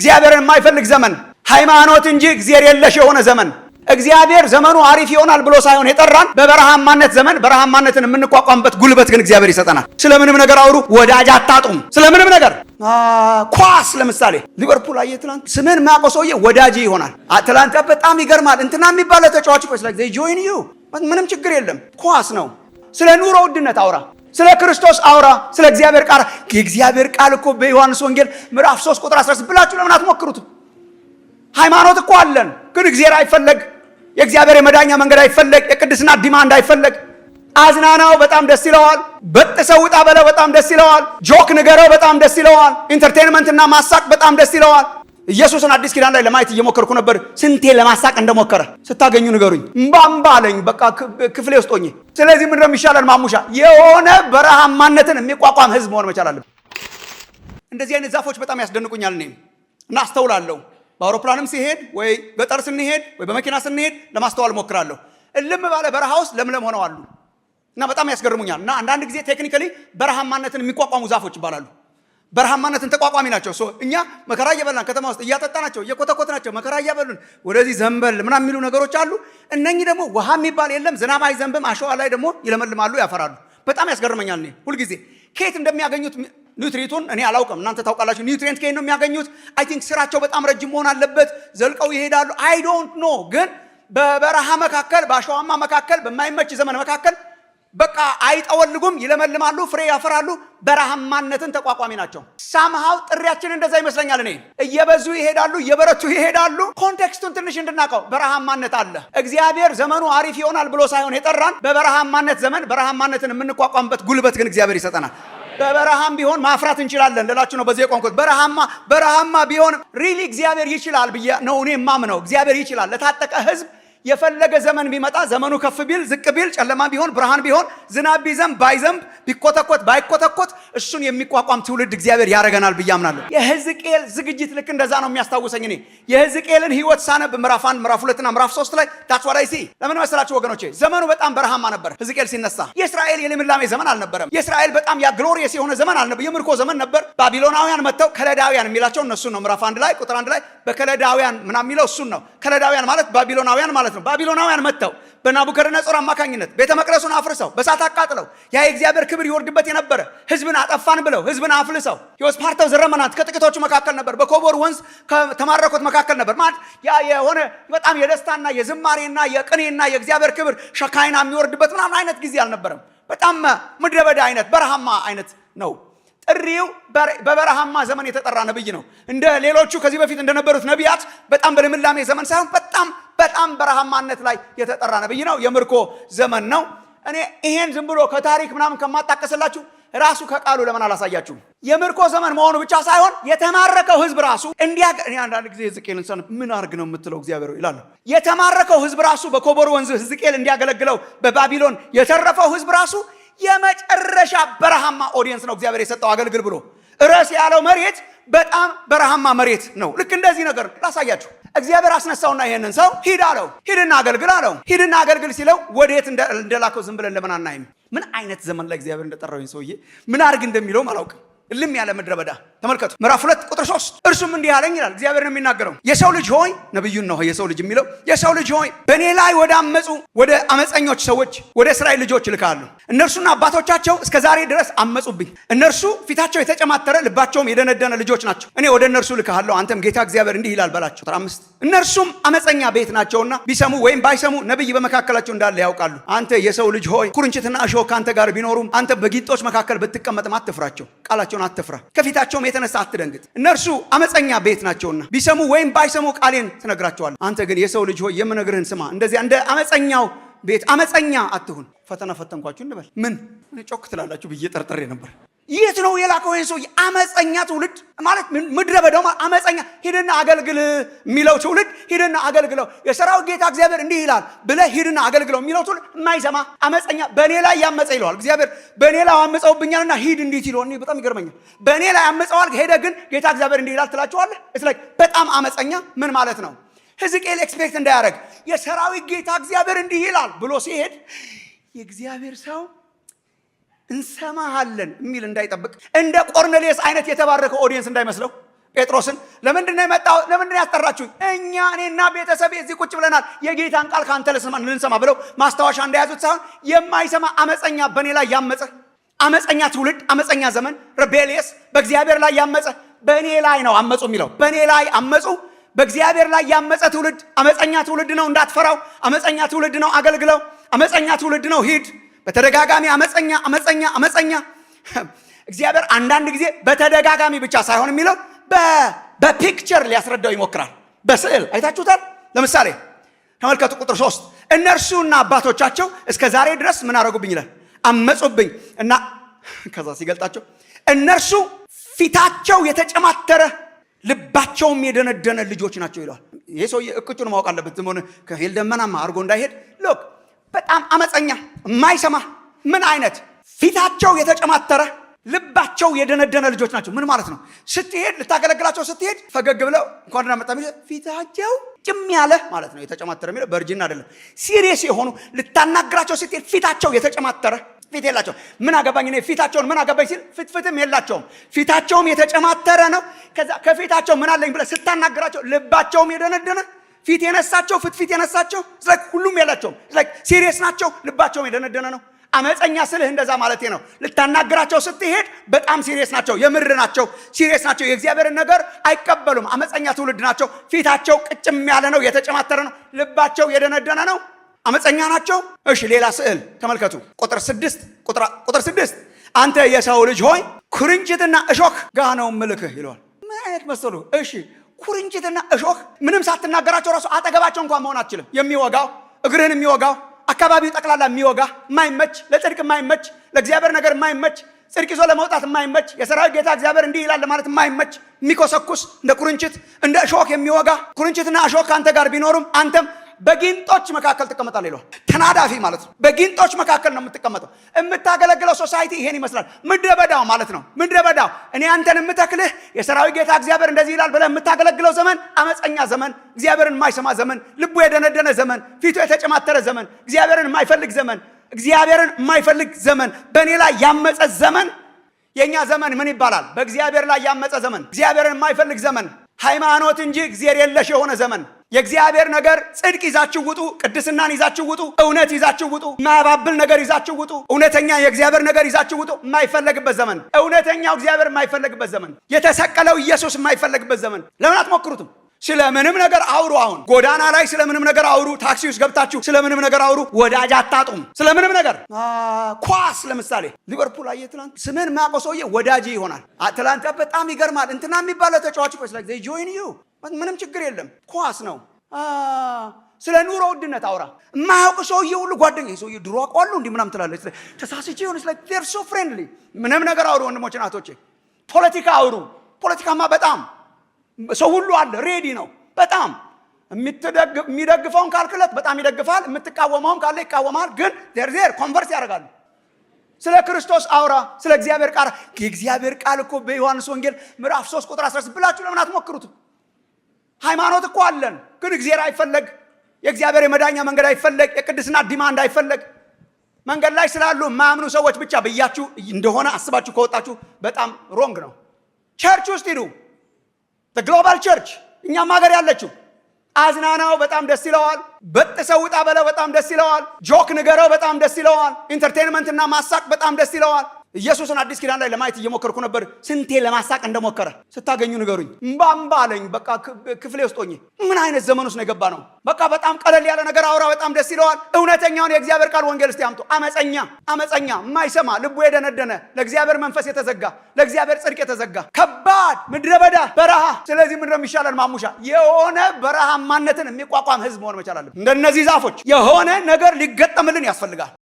እግዚአብሔርን የማይፈልግ ዘመን፣ ሃይማኖት እንጂ እግዚአብሔር የለሽ የሆነ ዘመን። እግዚአብሔር ዘመኑ አሪፍ ይሆናል ብሎ ሳይሆን የጠራን በበረሃማነት ዘመን በረሃማነትን የምንቋቋምበት ጉልበት ግን እግዚአብሔር ይሰጠናል። ስለምንም ነገር አውሩ፣ ወዳጅ አታጡም። ስለምንም ነገር ኳስ፣ ለምሳሌ ሊቨርፑል አየህ፣ ትናንት ስምን ማያውቀው ሰውዬ ወዳጅ ይሆናል። ትናንት በጣም ይገርማል። እንትና የሚባለ ተጫዋች ምንም ችግር የለም ኳስ ነው። ስለ ኑሮ ውድነት አውራ ስለ ክርስቶስ አውራ፣ ስለ እግዚአብሔር ቃል። የእግዚአብሔር ቃል እኮ በዮሐንስ ወንጌል ምዕራፍ 3 ቁጥር 16 ብላችሁ ለምን አትሞክሩት? ሃይማኖት እኮ አለን፣ ግን እግዚአብሔር አይፈለግ፣ የእግዚአብሔር የመዳኛ መንገድ አይፈለግ፣ የቅድስና ዲማንድ አይፈለግ። አዝናናው በጣም ደስ ይለዋል። በጥሰው ውጣ በለው በጣም ደስ ይለዋል። ጆክ ንገረው በጣም ደስ ይለዋል። ኢንተርቴንመንትና ማሳቅ በጣም ደስ ይለዋል። ኢየሱስን አዲስ ኪዳን ላይ ለማየት እየሞከርኩ ነበር። ስንቴ ለማሳቅ እንደሞከረ ስታገኙ ንገሩኝ። እምባምባ አለኝ፣ በቃ ክፍሌ ውስጥ ሆኜ። ስለዚህ ምንድን ነው የሚሻለን? ማሙሻ የሆነ በረሃማነትን የሚቋቋም ህዝብ መሆን መቻል አለብን። እንደዚህ አይነት ዛፎች በጣም ያስደንቁኛል። እኔም እና አስተውላለሁ። በአውሮፕላንም ሲሄድ ወይ ገጠር ስንሄድ ወይ በመኪና ስንሄድ ለማስተዋል ሞክራለሁ። እልም ባለ በረሃ ውስጥ ለምለም ሆነው አሉ እና በጣም ያስገርሙኛል። እና አንዳንድ ጊዜ ቴክኒካሊ በረሃማነትን የሚቋቋሙ ዛፎች ይባላሉ። በረሃማነትን ተቋቋሚ ናቸው። እኛ መከራ እየበላን ከተማ ውስጥ እያጠጣ ናቸው እየኮተኮት ናቸው መከራ እያበሉን ወደዚህ ዘንበል ምናምን የሚሉ ነገሮች አሉ። እነኚህ ደግሞ ውሃ የሚባል የለም፣ ዝናብ አይዘንብም። አሸዋ ላይ ደግሞ ይለመልማሉ፣ ያፈራሉ። በጣም ያስገርመኛል። እኔ ሁልጊዜ ከየት እንደሚያገኙት ኒውትሪቱን እኔ አላውቅም፣ እናንተ ታውቃላችሁ። ኒውትሪንት ከየት ነው የሚያገኙት? አይ ቲንክ ስራቸው በጣም ረጅም መሆን አለበት፣ ዘልቀው ይሄዳሉ። አይ ዶንት ኖ ግን በበረሃ መካከል በአሸዋማ መካከል በማይመች ዘመን መካከል በቃ አይጠወልጉም፣ ይለመልማሉ፣ ፍሬ ያፈራሉ። በረሃማነትን ተቋቋሚ ናቸው። ሳምሃው ጥሪያችን እንደዛ ይመስለኛል። እኔ እየበዙ ይሄዳሉ፣ እየበረቱ ይሄዳሉ። ኮንቴክስቱን ትንሽ እንድናውቀው በረሃማነት አለ። እግዚአብሔር ዘመኑ አሪፍ ይሆናል ብሎ ሳይሆን የጠራን በበረሃማነት ዘመን በረሃማነትን የምንቋቋምበት ጉልበት ግን እግዚአብሔር ይሰጠናል። በበረሃም ቢሆን ማፍራት እንችላለን ልላችሁ ነው። በዚህ የቋንቋ በረሃማ በረሃማ ቢሆን ሪሊ እግዚአብሔር ይችላል ብዬ ነው እኔ የማምነው። እግዚአብሔር ይችላል ለታጠቀ ህዝብ የፈለገ ዘመን ቢመጣ ዘመኑ ከፍ ቢል ዝቅ ቢል ጨለማ ቢሆን ብርሃን ቢሆን ዝናብ ቢዘንብ ባይዘንብ ቢኮተኮት ባይኮተኮት እሱን የሚቋቋም ትውልድ እግዚአብሔር ያደርገናል ብዬ አምናለሁ። የህዝቅኤል ዝግጅት ልክ እንደዛ ነው የሚያስታውሰኝ። እኔ የህዝቅኤልን ህይወት ሳነብ ምዕራፍ አንድ ምዕራፍ ሁለትና ምዕራፍ ሶስት ላይ ታስዋዳይ ሲ ለምን መሰላችሁ ወገኖቼ? ዘመኑ በጣም በረሃማ ነበር። ህዝቅኤል ሲነሳ የእስራኤል የልምላሜ ዘመን አልነበረም። የእስራኤል በጣም ያ ግሎሪየስ የሆነ ዘመን አልነበረ፣ የምርኮ ዘመን ነበር። ባቢሎናውያን መጥተው ከለዳውያን የሚላቸው እነሱን ነው። ምዕራፍ አንድ ላይ ቁጥር አንድ ላይ በከለዳውያን ምናምን የሚለው እሱን ነው። ከለዳውያን ማለት ባቢሎናውያን ማለት ማለት ነው። ባቢሎናውያን መጥተው በናቡከደነጾር አማካኝነት ቤተ መቅደሱን አፍርሰው በሳት አቃጥለው ያ የእግዚአብሔር ክብር ይወርድበት የነበረ ህዝብን አጠፋን ብለው ህዝብን አፍልሰው የወስፓርተው ዘረመናት ከጥቂቶቹ መካከል ነበር። በኮቦር ወንዝ ከተማረኩት መካከል ነበር። ማለት ያ የሆነ በጣም የደስታና የዝማሬና የቅኔና የእግዚአብሔር ክብር ሸካይና የሚወርድበት ምናምን አይነት ጊዜ አልነበረም። በጣም ምድረ በዳ አይነት በረሃማ አይነት ነው። ጥሪው በበረሃማ ዘመን የተጠራ ነብይ ነው። እንደ ሌሎቹ ከዚህ በፊት እንደነበሩት ነቢያት በጣም በልምላሜ ዘመን ሳይሆን በጣም በጣም በረሃማነት ላይ የተጠራ ነብይ ነው። የምርኮ ዘመን ነው። እኔ ይሄን ዝም ብሎ ከታሪክ ምናምን ከማጣቀስላችሁ ራሱ ከቃሉ ለምን አላሳያችሁም? የምርኮ ዘመን መሆኑ ብቻ ሳይሆን የተማረከው ህዝብ ራሱ እንዲያ አንዳንድ ጊዜ ሕዝቅኤልን ሰን ምን አርግ ነው የምትለው እግዚአብሔር ይላል። የተማረከው ህዝብ ራሱ በኮቦር ወንዝ ህዝቅኤል እንዲያገለግለው በባቢሎን የተረፈው ህዝብ ራሱ የመጨረሻ በረሃማ ኦዲየንስ ነው እግዚአብሔር የሰጠው አገልግል ብሎ ርዕስ ያለው መሬት በጣም በረሃማ መሬት ነው። ልክ እንደዚህ ነገር ላሳያችሁ። እግዚአብሔር አስነሳውና ይሄንን ሰው ሂድ አለው። ሂድና አገልግል አለው። ሂድና አገልግል ሲለው ወዴት እንደላከው ዝም ብለን ለምን አናይም? ምን አይነት ዘመን ላይ እግዚአብሔር እንደጠራውኝ ሰውዬ ምን አድርግ እንደሚለውም አላውቅም። እልም ያለ ምድረ በዳ ተመልከቱ ምዕራፍ ሁለት ቁጥር ሶስት እርሱም እንዲህ አለኝ ይላል እግዚአብሔር ነው የሚናገረው የሰው ልጅ ሆይ ነቢዩን ነው የሰው ልጅ የሚለው የሰው ልጅ ሆይ በእኔ ላይ ወደ አመፁ ወደ አመፀኞች ሰዎች ወደ እስራኤል ልጆች ልካሉ እነርሱና አባቶቻቸው እስከ ዛሬ ድረስ አመፁብኝ እነርሱ ፊታቸው የተጨማተረ ልባቸውም የደነደነ ልጆች ናቸው እኔ ወደ እነርሱ ልካለሁ አንተም ጌታ እግዚአብሔር እንዲህ ይላል በላቸው ቁጥር አምስት እነርሱም አመፀኛ ቤት ናቸውና ቢሰሙ ወይም ባይሰሙ ነቢይ በመካከላቸው እንዳለ ያውቃሉ አንተ የሰው ልጅ ሆይ ኩርንችትና እሾህ ከአንተ ጋር ቢኖሩም አንተ በጊንጦች መካከል ብትቀመጥም አትፍራቸው ቃላቸውን አትፍራ ከፊታቸውም የተነሳ አትደንግጥ፣ እነርሱ አመፀኛ ቤት ናቸውና ቢሰሙ ወይም ባይሰሙ ቃሌን ትነግራቸዋለህ። አንተ ግን የሰው ልጅ ሆይ የምነግርህን ስማ። እንደዚያ እንደ አመፀኛው ቤት አመፀኛ አትሁን። ፈተና ፈተንኳችሁ እንበል ምን ጮክ ትላላችሁ ብዬ ጠርጥሬ ነበር። የት ነው የላከው? ይህን ሰው? አመፀኛ ትውልድ ማለት ምድረ በዳው አመፀኛ፣ ሂድና አገልግል የሚለው ትውልድ ሂድና አገልግለው፣ የሰራዊ ጌታ እግዚአብሔር እንዲህ ይላል ብለህ ሂድና አገልግለው የሚለው ትውልድ የማይሰማ አመፀኛ፣ በእኔ ላይ ያመፀ ይለዋል እግዚአብሔር። በእኔ ላይ አመፀውብኛልና ሂድ እንዲት ይለ በጣም ይገርመኛል። በእኔ ላይ አመፀዋል፣ ሄደ ግን ጌታ እግዚአብሔር እንዲህ ይላል ትላቸዋለህ። በጣም አመፀኛ ምን ማለት ነው? ህዝቅኤል ኤክስፔክት እንዳያደረግ የሰራዊት ጌታ እግዚአብሔር እንዲህ ይላል ብሎ ሲሄድ የእግዚአብሔር ሰው እንሰማሃለን የሚል እንዳይጠብቅ እንደ ቆርኔሌዎስ አይነት የተባረከ ኦዲየንስ እንዳይመስለው ጴጥሮስን ለምንድነው ነው የመጣሁት? ያስጠራችሁኝ? እኛ እኔና ቤተሰብ እዚህ ቁጭ ብለናል፣ የጌታን ቃል ከአንተ ልንሰማ ብለው ማስታወሻ እንደያዙት ሳይሆን የማይሰማ አመፀኛ፣ በእኔ ላይ ያመፀ አመፀኛ ትውልድ፣ አመፀኛ ዘመን፣ ሬቤልየስ በእግዚአብሔር ላይ ያመፀ በእኔ ላይ ነው አመፁ የሚለው በእኔ ላይ አመፁ በእግዚአብሔር ላይ ያመፀ ትውልድ፣ አመፀኛ ትውልድ ነው። እንዳትፈራው፣ አመፀኛ ትውልድ ነው። አገልግለው፣ አመፀኛ ትውልድ ነው። ሂድ በተደጋጋሚ አመፀኛ አመፀኛ አመፀኛ። እግዚአብሔር አንዳንድ ጊዜ በተደጋጋሚ ብቻ ሳይሆን የሚለው በፒክቸር ሊያስረዳው ይሞክራል። በስዕል አይታችሁታል። ለምሳሌ ተመልከቱ ቁጥር ሶስት እነርሱና አባቶቻቸው እስከ ዛሬ ድረስ ምን አረጉብኝ ይላል አመፁብኝ እና ከዛ ሲገልጣቸው እነርሱ ፊታቸው የተጨማተረ ልባቸውም የደነደነ ልጆች ናቸው ይለዋል። ይሄ ሰውዬ እቅጩን ማወቅ አለበት። ዝም ሆነ ከሄል ደመናማ አድርጎ እንዳይሄድ ሎክ በጣም አመፀኛ የማይሰማ ምን አይነት ፊታቸው የተጨማተረ ልባቸው የደነደነ ልጆች ናቸው። ምን ማለት ነው? ስትሄድ ልታገለግላቸው ስትሄድ ፈገግ ብለው እንኳን መጣ ፊታቸው ጭም ያለ ማለት ነው። የተጨማተረ የሚለው በእርጅና አይደለም። ሲሪየስ የሆኑ ልታናግራቸው ስትሄድ ፊታቸው የተጨማተረ ፊት የላቸው። ምን አገባኝ እኔ ፊታቸውን ምን አገባኝ ሲል ፍትፍትም የላቸውም። ፊታቸውም የተጨማተረ ነው። ከዛ ከፊታቸው ምን አለኝ ብለህ ስታናግራቸው ልባቸውም የደነደነ ፊት የነሳቸው ፍትፊት የነሳቸው ላይክ ሁሉም የላቸውም። ላይክ ሲሪየስ ናቸው። ልባቸውም የደነደነ ነው። አመፀኛ ስልህ እንደዛ ማለት ነው። ልታናግራቸው ስትሄድ በጣም ሲሪየስ ናቸው። የምር ናቸው። ሲሪየስ ናቸው። የእግዚአብሔርን ነገር አይቀበሉም። አመፀኛ ትውልድ ናቸው። ፊታቸው ቅጭም ያለ ነው፣ የተጨማተረ ነው። ልባቸው የደነደነ ነው። አመፀኛ ናቸው። እሺ ሌላ ስዕል ተመልከቱ። ቁጥር ስድስት ቁጥር ስድስት አንተ የሰው ልጅ ሆይ ኩርንችትና እሾክ ጋ ነው ምልክህ ይለዋል። ምን አይነት መሰሉ! እሺ ኩርንችትና እሾህ ምንም ሳትናገራቸው ራሱ አጠገባቸው እንኳን መሆን አትችልም። የሚወጋው እግርህን የሚወጋው አካባቢው ጠቅላላ የሚወጋ ማይመች፣ ለጽድቅ ማይመች፣ ለእግዚአብሔር ነገር ማይመች፣ ጽድቅ ይዞ ለመውጣት ማይመች፣ የሰራዊት ጌታ እግዚአብሔር እንዲህ ይላል ማለት ማይመች፣ የሚኮሰኩስ እንደ ኩርንችት እንደ እሾህ የሚወጋ ኩርንችትና እሾህ ከአንተ ጋር ቢኖሩም አንተም በጊንጦች መካከል ትቀመጣል ይለዋል። ተናዳፊ ማለት ነው። በጊንጦች መካከል ነው የምትቀመጠው። የምታገለግለው ሶሳይቲ ይሄን ይመስላል። ምድረ በዳው ማለት ነው። ምድረ በዳው እኔ አንተን የምተክልህ የሰራዊ ጌታ እግዚአብሔር እንደዚህ ይላል ብለህ የምታገለግለው ዘመን አመፀኛ ዘመን፣ እግዚአብሔርን የማይሰማ ዘመን፣ ልቡ የደነደነ ዘመን፣ ፊቱ የተጨማተረ ዘመን፣ እግዚአብሔርን የማይፈልግ ዘመን፣ እግዚአብሔርን የማይፈልግ ዘመን፣ በእኔ ላይ ያመፀ ዘመን የእኛ ዘመን ምን ይባላል? በእግዚአብሔር ላይ ያመፀ ዘመን፣ እግዚአብሔርን የማይፈልግ ዘመን፣ ሃይማኖት እንጂ እግዚአብሔር የለሽ የሆነ ዘመን የእግዚአብሔር ነገር ጽድቅ ይዛችሁ ውጡ፣ ቅድስናን ይዛችሁ ውጡ፣ እውነት ይዛችሁ ውጡ፣ ማያባብል ነገር ይዛችሁ ውጡ፣ እውነተኛ የእግዚአብሔር ነገር ይዛችሁ ውጡ። የማይፈለግበት ዘመን፣ እውነተኛው እግዚአብሔር የማይፈለግበት ዘመን፣ የተሰቀለው ኢየሱስ የማይፈለግበት ዘመን። ለምን አትሞክሩትም? ስለ ምንም ነገር አውሩ። አሁን ጎዳና ላይ ስለ ምንም ነገር አውሩ። ታክሲ ውስጥ ገብታችሁ ስለ ምንም ነገር አውሩ። ወዳጅ አታጡም። ስለ ምንም ነገር ኳስ፣ ለምሳሌ ሊቨርፑል አየህ፣ ትናንት ስምን ማቆ ሰውዬ ወዳጅ ይሆናል። ትናንት በጣም ይገርማል። እንትና የሚባለው ተጫዋች ስለ ጆይን ዩ ምንም ችግር የለም። ኳስ ነው። ስለ ኑሮ ውድነት አውራ የማያውቅ ሰውዬ ሁሉ ጓደኛ ሰውዬ ድሮ አውቀዋለሁ እንዲህ ምናምን ትላለች። ተሳስቼ ሆነ ስለ ቴር ሶ ፍሬንድሊ ምንም ነገር አውሩ። ወንድሞች ናቶቼ ፖለቲካ አውሩ። ፖለቲካማ በጣም ሰው ሁሉ አለ፣ ሬዲ ነው በጣም የሚደግፈውን ካልክለት በጣም ይደግፋል። የምትቃወመውም ካለ ይቃወማል። ግን ዜር ዜር ኮንቨርስ ያደርጋሉ። ስለ ክርስቶስ አውራ፣ ስለ እግዚአብሔር ቃል። የእግዚአብሔር ቃል እኮ በዮሐንስ ወንጌል ምዕራፍ 3 ቁጥር 16 ብላችሁ ለምን አትሞክሩትም? ሃይማኖት እኮ አለን፣ ግን እግዚአብሔር አይፈለግ፣ የእግዚአብሔር የመዳኛ መንገድ አይፈለግ፣ የቅድስና ዲማንድ አይፈለግ። መንገድ ላይ ስላሉ የማያምኑ ሰዎች ብቻ ብያችሁ እንደሆነ አስባችሁ ከወጣችሁ በጣም ሮንግ ነው። ቸርች ውስጥ ሂዱ። ግሎባል ቸርች እኛም ሀገር ያለችው አዝናናው በጣም ደስ ይለዋል። በጥሰው ውጣ በለው በጣም ደስ ይለዋል። ጆክ ንገረው በጣም ደስ ይለዋል። ኢንተርቴንመንትና ማሳቅ በጣም ደስ ይለዋል። ኢየሱስን አዲስ ኪዳን ላይ ለማየት እየሞከርኩ ነበር። ስንቴ ለማሳቅ እንደሞከረ ስታገኙ ንገሩኝ። እምባ እምባ አለኝ። በቃ ክፍሌ ውስጥ ሆኜ ምን አይነት ዘመን ውስጥ ነው የገባ ነው። በቃ በጣም ቀለል ያለ ነገር አውራ፣ በጣም ደስ ይለዋል። እውነተኛውን የእግዚአብሔር ቃል ወንጌል እስቲ አምጡ። አመፀኛ አመፀኛ፣ የማይሰማ ልቡ የደነደነ፣ ለእግዚአብሔር መንፈስ የተዘጋ፣ ለእግዚአብሔር ጽድቅ የተዘጋ፣ ከባድ ምድረ በዳ በረሃ። ስለዚህ ምንድን ነው የሚሻለን? ማሙሻ የሆነ በረሃማነትን የሚቋቋም ህዝብ መሆን መቻል አለብን። እንደነዚህ ዛፎች የሆነ ነገር ሊገጠምልን ያስፈልጋል።